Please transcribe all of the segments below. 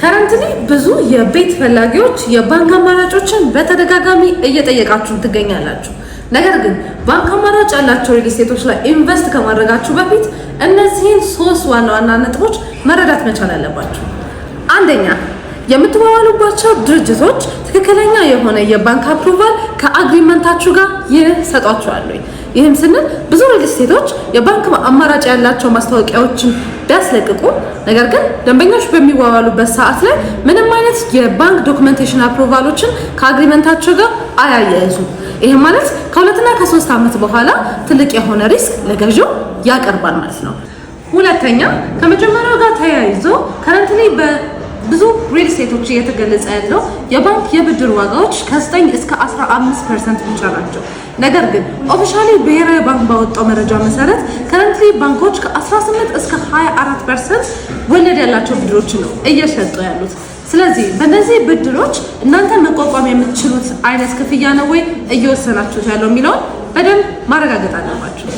ከረንትሊ ብዙ የቤት ፈላጊዎች የባንክ አማራጮችን በተደጋጋሚ እየጠየቃችሁ ትገኛላችሁ። ነገር ግን ባንክ አማራጭ ያላቸው ሪልስቴቶች ላይ ኢንቨስት ከማድረጋችሁ በፊት እነዚህን ሶስት ዋና ዋና ነጥቦች መረዳት መቻል አለባችሁ። አንደኛ፣ የምትዋዋሉባቸው ድርጅቶች ትክክለኛ የሆነ የባንክ አፕሩቫል ከአግሪመንታችሁ ጋር ይሰጧችኋል። ይህም ስንል ብዙ ሪል ስቴቶች የባንክ አማራጭ ያላቸው ማስታወቂያዎችን ቢያስለቅቁ፣ ነገር ግን ደንበኞች በሚዋዋሉበት ሰዓት ላይ ምንም አይነት የባንክ ዶክመንቴሽን አፕሮቫሎችን ከአግሪመንታቸው ጋር አያያይዙ። ይህም ማለት ከሁለትና ከሶስት ዓመት በኋላ ትልቅ የሆነ ሪስክ ለገዢው ያቀርባል ማለት ነው። ሁለተኛ ከመጀመሪያው ጋር ተያይዞ ከረንትሊ ብዙ ሪል ስቴቶች እየተገለጸ ያለው የባንክ የብድር ዋጋዎች ከ9 እስከ 15 ፐርሰንት ብቻ ናቸው። ነገር ግን ኦፊሻሊ ብሔራዊ ባንክ ባወጣው መረጃ መሰረት ከረንትሊ ባንኮች ከ18 እስከ 24 ፐርሰንት ወለድ ያላቸው ብድሮች ነው እየሸጡ ያሉት። ስለዚህ በእነዚህ ብድሮች እናንተ መቋቋም የምትችሉት አይነት ክፍያ ነው ወይ እየወሰናችሁት ያለው የሚለውን በደንብ ማረጋገጥ አለባችሁ።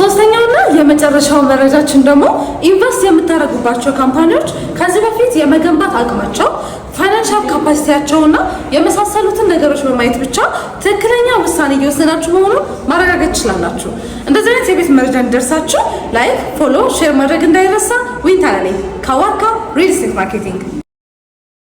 ሶስተኛው የመጨረሻው መረጃችን ደግሞ ኢንቨስት የምታደርጉባቸው ካምፓኒዎች ከዚህ በፊት የመገንባት አቅማቸው ፋይናንሻል ካፓሲቲያቸው እና የመሳሰሉትን ነገሮች በማየት ብቻ ትክክለኛ ውሳኔ እየወሰናችሁ መሆኑ ማረጋገጥ ትችላላችሁ። እንደዚህ አይነት የቤት መረጃ እንዲደርሳችሁ ላይክ፣ ፎሎ፣ ሼር ማድረግ እንዳይረሳ። ዊንታላ ላይ ካዋካ ሪል ስቴት ማርኬቲንግ